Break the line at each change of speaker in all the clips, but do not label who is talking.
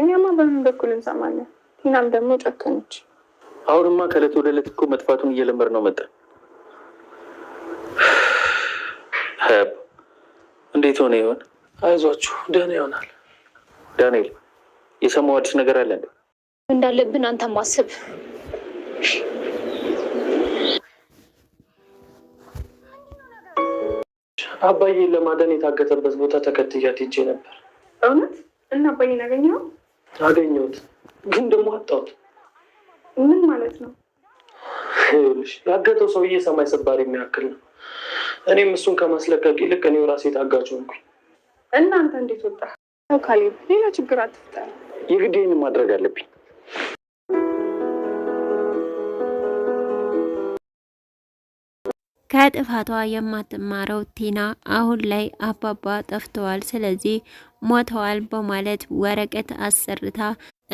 እኛማ በምን በኩል እንሰማለን? ቲናም ደግሞ ጨከነች።
አሁንማ ከእለት ወደ ዕለት እኮ መጥፋቱን እየለመድ ነው መጣ። እንዴት
ሆነ ይሆን? አይዟችሁ፣ ደህና ይሆናል።
ዳንኤል የሰማው አዲስ ነገር አለ እንዴ?
እንዳለብን አንተ ማስብ
አባዬን ለማዳን የታገተበት ቦታ ተከትያት
ሄጄ ነበር። እውነት እና
አባዬን አገኘኸው? አገኘሁት፣ ግን ደግሞ አጣሁት።
ምን ማለት ነው?
ይኸውልሽ ያገተው ሰውዬ ሰማይ ሰባሪ የሚያክል ነው። እኔም እሱን ከማስለቀቅ ይልቅ እኔው ራሴ ታጋች ሆንኩኝ።
እናንተ እንዴት ወጣ? ካሌብ ሌላ
ችግር አትፍጠር። የግዴን ማድረግ አለብኝ።
ከጥፋቷ የማትማረው ቲና አሁን ላይ አባባ ጠፍተዋል፣ ስለዚህ ሞተዋል በማለት ወረቀት አሰርታ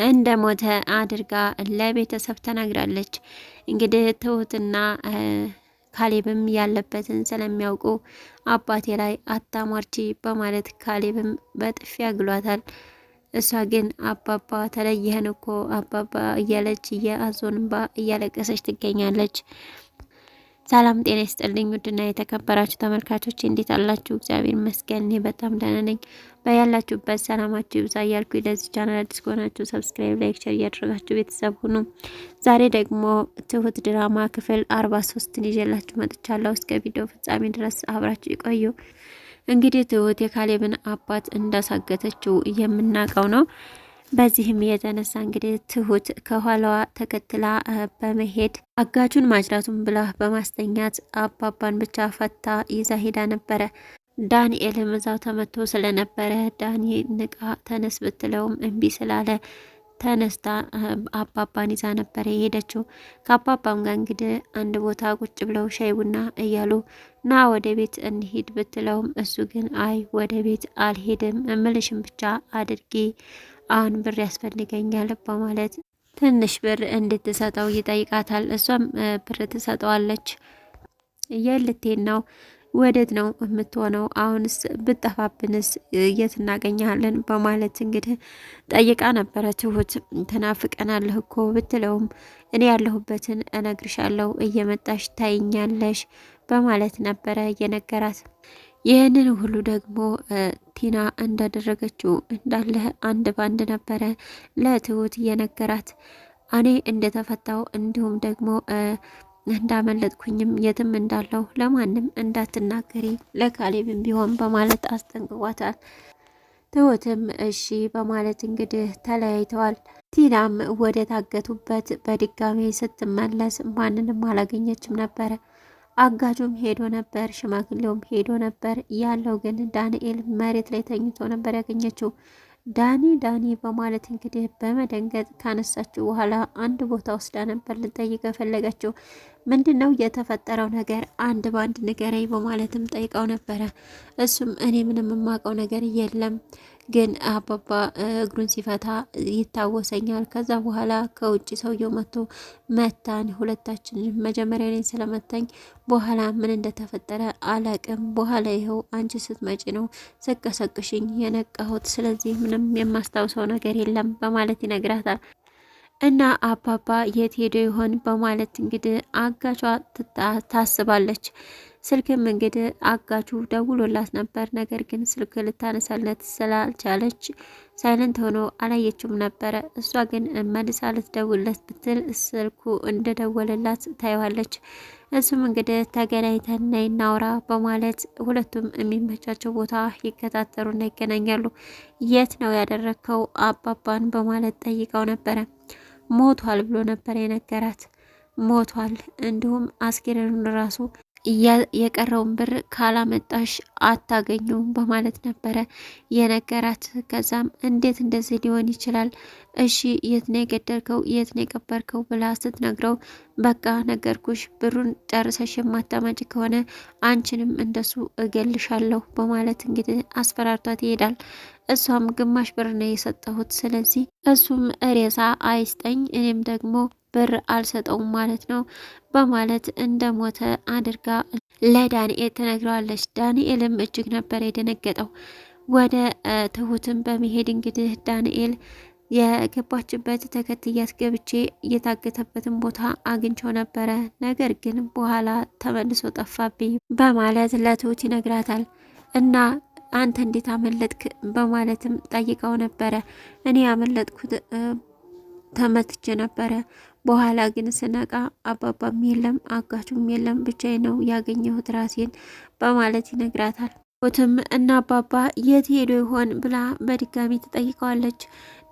እንደ ሞተ አድርጋ ለቤተሰብ ተናግራለች። እንግዲህ ትሁትና ካሌብም ያለበትን ስለሚያውቁ አባቴ ላይ አታሟርቺ በማለት ካሌብም በጥፊ ያግሏታል። እሷ ግን አባባ ተለየህን እኮ አባባ እያለች የአዞንባ እያለቀሰች ትገኛለች። ሰላም ጤና ይስጥልኝ። ውድና የተከበራችሁ ተመልካቾች እንዴት አላችሁ? እግዚአብሔር ይመስገን እኔ በጣም ደህና ነኝ። በያላችሁበት ሰላማችሁ ይብዛ እያልኩ ለዚህ ቻናል አዲስ ከሆናችሁ ሰብስክራይብ፣ ላይክ፣ ሸር እያደረጋችሁ ቤተሰብ ሁኑ። ዛሬ ደግሞ ትሁት ድራማ ክፍል አርባ ሶስትን ይዤላችሁ መጥቻለሁ። እስከ ቪዲዮ ፍጻሜ ድረስ አብራችሁ ይቆዩ። እንግዲህ ትሁት የካሌብን አባት እንዳሳገተችው የምናውቀው ነው። በዚህም የተነሳ እንግዲህ ትሁት ከኋላዋ ተከትላ በመሄድ አጋቹን ማጅራቱን ብላ በማስተኛት አባባን ብቻ ፈታ ይዛ ሄዳ ነበረ። ዳንኤልም እዛው ተመቶ ስለነበረ ዳኒ ንቃ ተነስ ብትለውም እምቢ ስላለ ተነስታ አባባን ይዛ ነበረ የሄደችው። ከአባባም ጋር እንግዲህ አንድ ቦታ ቁጭ ብለው ሻይ ቡና እያሉ ና ወደ ቤት እንሂድ ብትለውም እሱ ግን አይ ወደ ቤት አልሄድም እምልሽም ብቻ አድርጌ። አሁን ብር ያስፈልገኛል በማለት ትንሽ ብር እንድትሰጠው ይጠይቃታል። እሷም ብር ትሰጠዋለች። የልቴን ነው ወደት ነው የምትሆነው? አሁንስ ብጠፋብንስ የት እናገኛለን በማለት እንግዲህ ጠይቃ ነበረ። ትሁት ተናፍቀናለህ እኮ ብትለውም እኔ ያለሁበትን እነግርሻለሁ እየመጣሽ ታይኛለሽ በማለት ነበረ የነገራት። ይህንን ሁሉ ደግሞ ቲና እንዳደረገችው እንዳለ አንድ ባንድ ነበረ ለትሁት እየነገራት እኔ እንደተፈታው እንዲሁም ደግሞ እንዳመለጥኩኝም የትም እንዳለው ለማንም እንዳትናገሪ ለካሌብም ቢሆን በማለት አስጠንቅቋታል። ትሁትም እሺ በማለት እንግዲህ ተለያይተዋል። ቲናም ወደ ታገቱበት በድጋሚ ስትመለስ ማንንም አላገኘችም ነበረ። አጋጁም ሄዶ ነበር፣ ሽማግሌውም ሄዶ ነበር። ያለው ግን ዳንኤል መሬት ላይ ተኝቶ ነበር ያገኘችው። ዳኒ ዳኒ በማለት እንግዲህ በመደንገጥ ካነሳችው በኋላ አንድ ቦታ ወስዳ ነበር ልጠይቅ ፈለገችው። ምንድን ነው የተፈጠረው ነገር አንድ በአንድ ንገረኝ በማለትም ጠይቀው ነበረ። እሱም እኔ ምንም የማውቀው ነገር የለም ግን አባባ እግሩን ሲፈታ ይታወሰኛል። ከዛ በኋላ ከውጭ ሰውየው መጥቶ መታን ሁለታችን መጀመሪያ እኔን ስለመታኝ በኋላ ምን እንደተፈጠረ አላቅም። በኋላ ይኸው አንቺ ስትመጪ ነው ሰቀሰቅሽኝ የነቃሁት። ስለዚህ ምንም የማስታውሰው ነገር የለም በማለት ይነግራታል። እና አባባ የት ሄዶ ይሆን በማለት እንግዲህ አጋቿ ታስባለች። ስልክም እንግዲህ አጋቹ ደውሎላት ነበር። ነገር ግን ስልክ ልታነሳለት ስላልቻለች ሳይለንት ሆኖ አላየችውም ነበረ። እሷ ግን መልሳ ልትደውልለት ብትል ስልኩ እንደደወለላት ታየዋለች። እሱም እንግዲህ ተገናኝተን ነይ እናውራ በማለት ሁለቱም የሚመቻቸው ቦታ ይከታተሉና ይገናኛሉ። የት ነው ያደረግከው አባባን በማለት ጠይቀው ነበረ። ሞቷል ብሎ ነበር የነገራት። ሞቷል እንዲሁም አስክሬኑን ራሱ የቀረውን ብር ካላመጣሽ አታገኙም በማለት ነበረ የነገራት። ከዛም እንዴት እንደዚህ ሊሆን ይችላል? እሺ የት ነው የገደልከው? የት ነው የቀበርከው? ብላ ስትነግረው በቃ ነገርኩሽ፣ ብሩን ጨርሰሽ የማታመጭ ከሆነ አንቺንም እንደሱ እገልሻለሁ በማለት እንግዲህ አስፈራርቷት ይሄዳል። እሷም ግማሽ ብር ነው የሰጠሁት። ስለዚህ እሱም እሬሳ አይስጠኝ እኔም ደግሞ ብር አልሰጠውም ማለት ነው በማለት እንደ ሞተ አድርጋ ለዳንኤል ትነግረዋለች። ዳንኤልም እጅግ ነበር የደነገጠው። ወደ ትሁትም በመሄድ እንግዲህ ዳንኤል የገባችበት ተከትያት ገብቼ እየታገተበትን ቦታ አግኝቸው ነበረ፣ ነገር ግን በኋላ ተመልሶ ጠፋብኝ በማለት ለትሁት ይነግራታል እና አንተ እንዴት አመለጥክ በማለትም ጠይቀው ነበረ። እኔ ያመለጥኩት ተመትቼ ነበረ። በኋላ ግን ስነቃ አባባም የለም አጋቹም የለም ብቻዬ ነው ያገኘሁት ራሴን በማለት ይነግራታል። ትም እና አባባ የት ሄዶ ይሆን ብላ በድጋሚ ትጠይቀዋለች።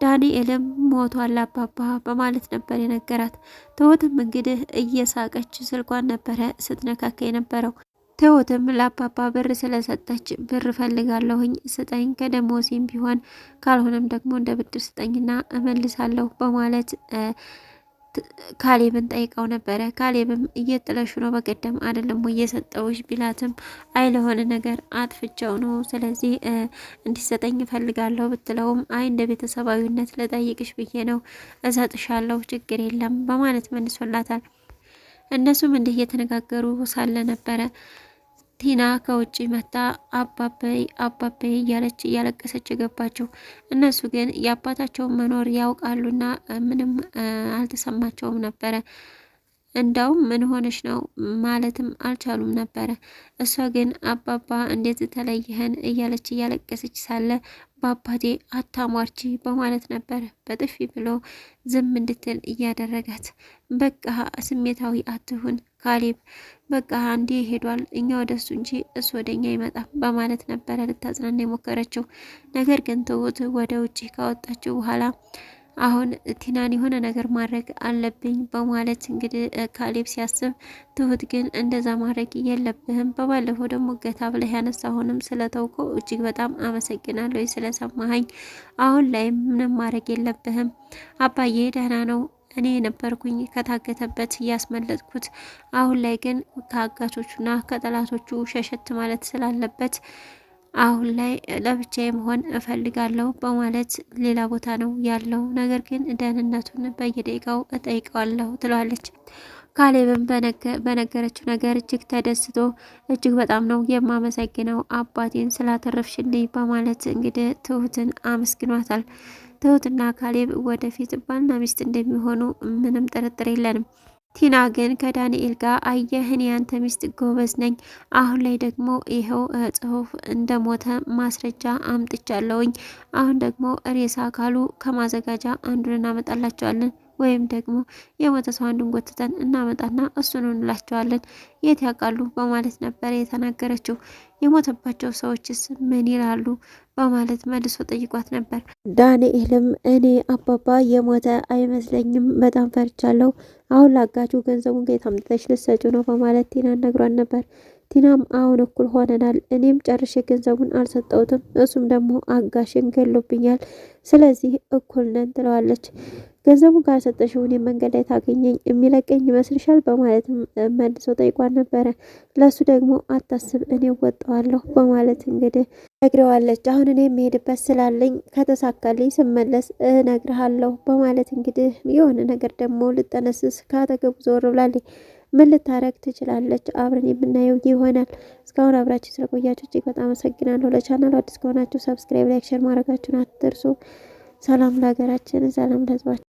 ዳንኤልም ሞቷል አባባ በማለት ነበር የነገራት። ትሁትም እንግዲህ እየሳቀች ስልኳን ነበረ ስትነካከ የነበረው። ትሁትም ለአባባ ብር ስለሰጠች ብር ፈልጋለሁኝ ስጠኝ፣ ከደሞዜም ቢሆን ካልሆነም ደግሞ እንደ ብድር ስጠኝና እመልሳለሁ በማለት ካሌብን ጠይቀው ነበረ። ካሌብም እየጥለሹ ነው፣ በቀደም አይደለም እየሰጠውሽ ቢላትም አይ ለሆነ ነገር አጥፍቸው ነው፣ ስለዚህ እንዲሰጠኝ እፈልጋለሁ ብትለውም አይ እንደ ቤተሰባዊነት ልጠይቅሽ ብዬ ነው፣ እሰጥሻለሁ፣ ችግር የለም በማለት መልሶላታል። እነሱም እንዲህ እየተነጋገሩ ሳለ ነበረ ቲና ከውጭ መታ አባበይ አባበይ እያለች እያለቀሰች የገባቸው። እነሱ ግን የአባታቸውን መኖር ያውቃሉና ምንም አልተሰማቸውም ነበረ። እንዳውም ምን ሆነሽ ነው ማለትም አልቻሉም ነበረ። እሷ ግን አባባ እንዴት ተለይህን እያለች እያለቀሰች ሳለ በአባቴ አታሟርቺ በማለት ነበር በጥፊ ብሎ ዝም እንድትል እያደረጋት። በቃ ስሜታዊ አትሁን ካሌብ በቃ አንዴ ሄዷል፣ እኛ ወደ እሱ እንጂ እሱ ወደ እኛ አይመጣም በማለት ነበረ ልታጽናና የሞከረችው። ነገር ግን ትሁት ወደ ውጭ ካወጣችው በኋላ አሁን ቲናን የሆነ ነገር ማድረግ አለብኝ በማለት እንግዲህ ካሌብ ሲያስብ፣ ትሁት ግን እንደዛ ማድረግ የለብህም በባለፈው ደግሞ ገታ ብለህ አሁንም ስለተውከው እጅግ በጣም አመሰግናለሁ ስለሰማኸኝ። አሁን ላይ ምንም ማድረግ የለብህም አባዬ፣ ደህና ነው እኔ የነበርኩኝ ከታገተበት እያስመለጥኩት። አሁን ላይ ግን ከአጋቾቹና ከጠላቶቹ ሸሸት ማለት ስላለበት አሁን ላይ ለብቻዬ መሆን እፈልጋለሁ በማለት ሌላ ቦታ ነው ያለው። ነገር ግን ደህንነቱን በየደቂቃው እጠይቀዋለሁ ትለዋለች። ካሌብም በነገረችው ነገር እጅግ ተደስቶ እጅግ በጣም ነው የማመሰግነው አባቴን ስላተረፍሽልኝ በማለት እንግዲህ ትሁትን አመስግኗታል። ትሁትና ካሌብ ወደፊት ባልና ሚስት እንደሚሆኑ ምንም ጥርጥር የለንም። ቲና ግን ከዳንኤል ጋር አየህን፣ ያንተ ሚስት ጎበዝ ነኝ፣ አሁን ላይ ደግሞ ይኸው ጽሁፍ እንደሞተ ማስረጃ አምጥቻለውኝ። አሁን ደግሞ ሬሳ አካሉ ከማዘጋጃ አንዱን እናመጣላቸዋለን ወይም ደግሞ የሞተ ሰው አንዱን ጎትተን እናመጣና እሱን እንላቸዋለን የት ያውቃሉ በማለት ነበር የተናገረችው። የሞተባቸው ሰዎችስ ምን ይላሉ በማለት መልሶ ጠይቋት ነበር። ዳንኤልም እኔ አባባ የሞተ አይመስለኝም፣ በጣም ፈርቻለሁ። አሁን ላጋችሁ ገንዘቡን ከየት አምጥተሽ ልትሰጪው ነው በማለት ቲናን ነግሯን ነበር። ቲናም አሁን እኩል ሆነናል። እኔም ጨርሼ ገንዘቡን አልሰጠውትም፣ እሱም ደግሞ አጋሽን ገሎብኛል። ስለዚህ እኩል ነን ትለዋለች። ገንዘቡን ካልሰጠሽ እኔ መንገድ ላይ ታገኘኝ የሚለቀኝ ይመስልሻል? በማለትም መልሶ ጠይቋን ነበረ። ለሱ ደግሞ አታስብ፣ እኔ ወጠዋለሁ በማለት እንግዲህ ነግረዋለች። አሁን እኔ የምሄድበት ስላለኝ ከተሳካልኝ ስመለስ እነግርሃለሁ በማለት እንግዲህ የሆነ ነገር ደግሞ ልጠነስስ ካጠገቡ ዞር ብላለች። ምን ልታረግ ትችላለች? አብረን የምናየው ይሆናል። እስካሁን አብራችሁ ስለቆያችሁ እጅግ በጣም አመሰግናለሁ። ለቻናሉ አዲስ ከሆናችሁ ሰብስክራይብ፣ ላይክ፣ ሼር ማድረጋችሁን አትርሱ። ሰላም ለሀገራችን፣ ሰላም ለህዝባችን።